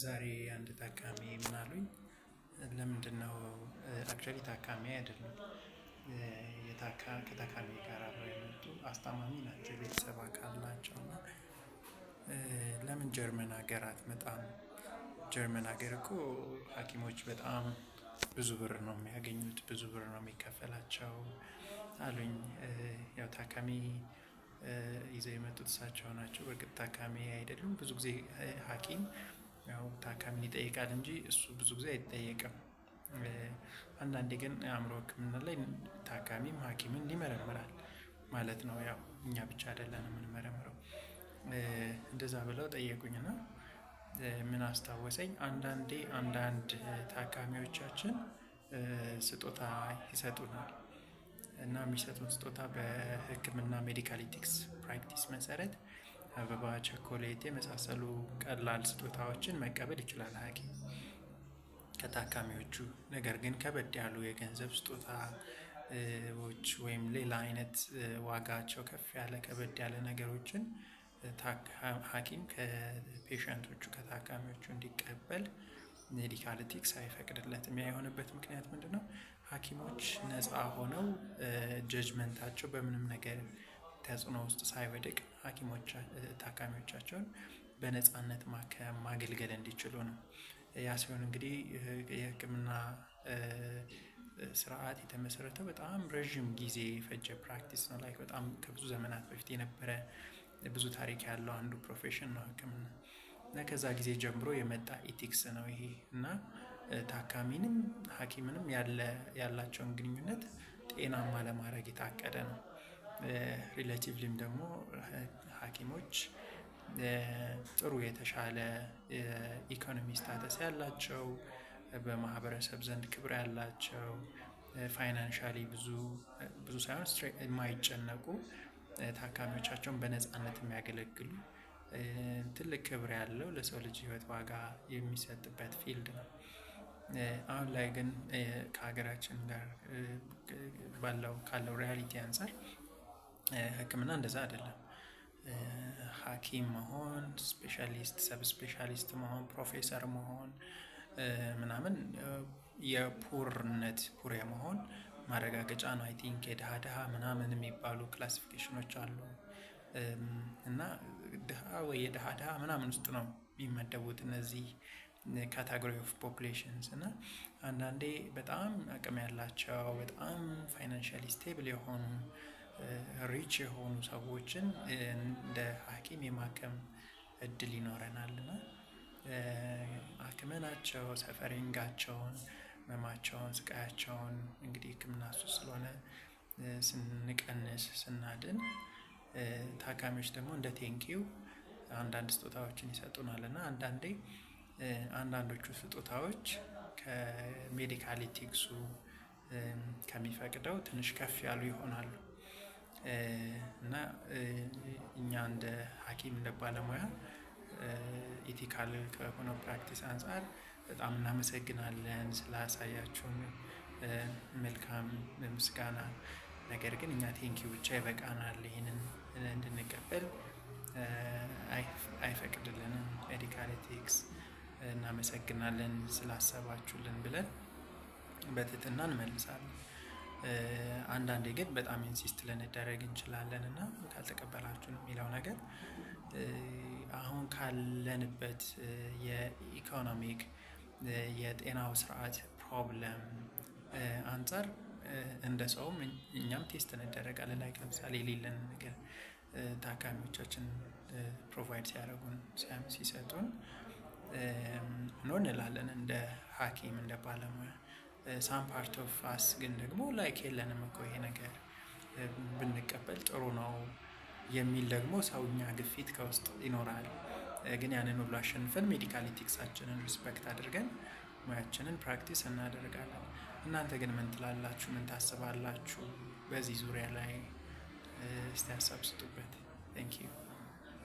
ዛሬ አንድ ታካሚ ምናሉኝ ለምንድነው ለምንድን ነው አክቹዋሊ ታካሚ አይደለም ከታካሚ ጋር አብረው የመጡ አስታማሚ ናቸው፣ የቤተሰብ አካል ናቸው። እና ለምን ጀርመን ሀገር አትመጣም? ጀርመን ሀገር እኮ ሐኪሞች በጣም ብዙ ብር ነው የሚያገኙት፣ ብዙ ብር ነው የሚከፈላቸው አሉኝ። ያው ታካሚ ይዘው የመጡት እሳቸው ናቸው። በእርግጥ ታካሚ አይደሉም። ብዙ ጊዜ ሐኪም ያው ታካሚን ይጠይቃል እንጂ እሱ ብዙ ጊዜ አይጠየቅም። አንዳንዴ ግን አእምሮ ሕክምና ላይ ታካሚም ሐኪምን ይመረምራል ማለት ነው። ያው እኛ ብቻ አይደለን የምንመረምረው። እንደዛ ብለው ጠየቁኝና ምን አስታወሰኝ፣ አንዳንዴ አንዳንድ ታካሚዎቻችን ስጦታ ይሰጡናል እና የሚሰጡን ስጦታ በሕክምና ሜዲካል ኢቲክስ ፕራክቲስ መሰረት አበባ፣ ቸኮሌት የመሳሰሉ ቀላል ስጦታዎችን መቀበል ይችላል ሐኪም ከታካሚዎቹ። ነገር ግን ከበድ ያሉ የገንዘብ ስጦታዎች ወይም ሌላ አይነት ዋጋቸው ከፍ ያለ ከበድ ያለ ነገሮችን ሐኪም ከፔሸንቶቹ ከታካሚዎቹ እንዲቀበል ሜዲካል ኢቲክስ አይፈቅድለትም። ያ የሆነበት ምክንያት ምንድን ነው? ሐኪሞች ነፃ ሆነው ጀጅመንታቸው በምንም ነገር ተጽዕኖ ውስጥ ሳይወድቅ ታካሚዎቻቸውን በነፃነት ማገልገል እንዲችሉ ነው። ያ ሲሆን እንግዲህ የህክምና ስርዓት የተመሰረተው በጣም ረዥም ጊዜ የፈጀ ፕራክቲስ ነው። ላይክ በጣም ከብዙ ዘመናት በፊት የነበረ ብዙ ታሪክ ያለው አንዱ ፕሮፌሽን ነው ህክምና እና ከዛ ጊዜ ጀምሮ የመጣ ኢቲክስ ነው ይሄ እና ታካሚንም ሐኪምንም ያላቸውን ግንኙነት ጤናማ ለማድረግ የታቀደ ነው። ሪላቲቭሊም ደግሞ ሐኪሞች ጥሩ የተሻለ ኢኮኖሚ ስታተስ ያላቸው በማህበረሰብ ዘንድ ክብር ያላቸው ፋይናንሻሊ ብዙ ብዙ ሳይሆን የማይጨነቁ ታካሚዎቻቸውን በነፃነት የሚያገለግሉ ትልቅ ክብር ያለው ለሰው ልጅ ህይወት ዋጋ የሚሰጥበት ፊልድ ነው። አሁን ላይ ግን ከሀገራችን ጋር ባለው ካለው ሪያሊቲ አንጻር ህክምና እንደዛ አይደለም። ሐኪም መሆን፣ ስፔሻሊስት፣ ሰብ ስፔሻሊስት መሆን፣ ፕሮፌሰር መሆን ምናምን የፑርነት ፑር የመሆን ማረጋገጫ ነው። አይ ቲንክ የድሃ ድሃ ምናምን የሚባሉ ክላሲፊኬሽኖች አሉ እና ድሃ ወይ የድሃ ድሃ ምናምን ውስጥ ነው የሚመደቡት እነዚህ ካታጎሪ ኦፍ ፖፕሌሽንስ እና አንዳንዴ በጣም አቅም ያላቸው በጣም ፋይናንሽሊ ስቴብል የሆኑ ሪች የሆኑ ሰዎችን እንደ ሐኪም የማከም እድል ይኖረናልና አክመናቸው ሰፈሪንጋቸውን፣ ህመማቸውን፣ ስቃያቸውን እንግዲህ ህክምና እሱ ስለሆነ ስንቀንስ ስናድን ታካሚዎች ደግሞ እንደ ቴንኪው አንዳንድ ስጦታዎችን ይሰጡናል እና አንዳንዴ አንዳንዶቹ ስጦታዎች ከሜዲካል ከሚፈቅደው ትንሽ ከፍ ያሉ ይሆናሉ። እና እኛ እንደ ሐኪም እንደ ባለሙያ ኢቲካል ከሆነ ፕራክቲስ አንጻር በጣም እናመሰግናለን ስላሳያችሁን መልካም ምስጋና። ነገር ግን እኛ ቴንኪ ብቻ ይበቃናል፣ ይህንን እንድንቀበል አይፈቅድልንም ሜዲካል ኤቲክስ። እናመሰግናለን ስላሰባችሁልን ብለን በትህትና እንመልሳለን። አንዳንዴ ግን በጣም ኢንሲስት ልንደረግ እንችላለን እና ካልተቀበላችሁን የሚለው ነገር አሁን ካለንበት የኢኮኖሚክ የጤናው ስርዓት ፕሮብለም አንጻር እንደ ሰውም እኛም ቴስት እንደረጋለን። ላይ ለምሳሌ የሌለን ነገር ታካሚዎቻችን ፕሮቫይድ ሲያደርጉን ሲሰጡን ኖ እንላለን እንደ ሐኪም እንደ ባለሙያ ሳም ፓርት ኦፍ አስ ግን ደግሞ ላይክ የለንም እኮ ይሄ ነገር uh, ብንቀበል ጥሩ ነው የሚል ደግሞ ሰውኛ ግፊት ከውስጥ ይኖራል። uh, ግን ያንን ሁሉ አሸንፈን ሜዲካል ኢቲክሳችንን ሪስፔክት አድርገን ሙያችንን ፕራክቲስ እናደርጋለን። እናንተ ግን ምን ትላላችሁ? ምን ታስባላችሁ? በዚህ ዙሪያ ላይ uh, እስቲ ሀሳብ ስጡበት። ቴንክ ዩ